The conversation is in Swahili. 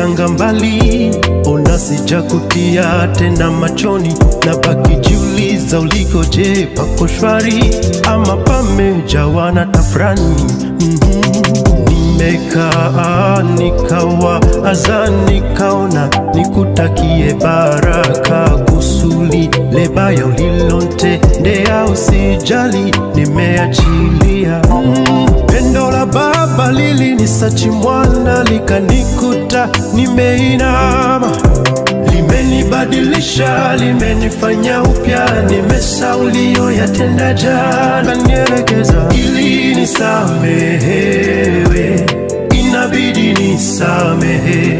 Tanga mbali, ona sijakutia tena machoni, na baki jiuliza ulikoje, pako shwari ama pamejawa na tafrani? mm -hmm. Nimekaa nikawa aza nikaona, nikutakie baraka kusuli lebaya ulilontendea, usijali nimeachilia mm -hmm. pendo la babali kanisa Chimwana likanikuta nimeinama, limenibadilisha, limenifanya upya, nimesahau niliyoyatenda jana, kanielekeza ili nisamehewe, inabidi nisamehe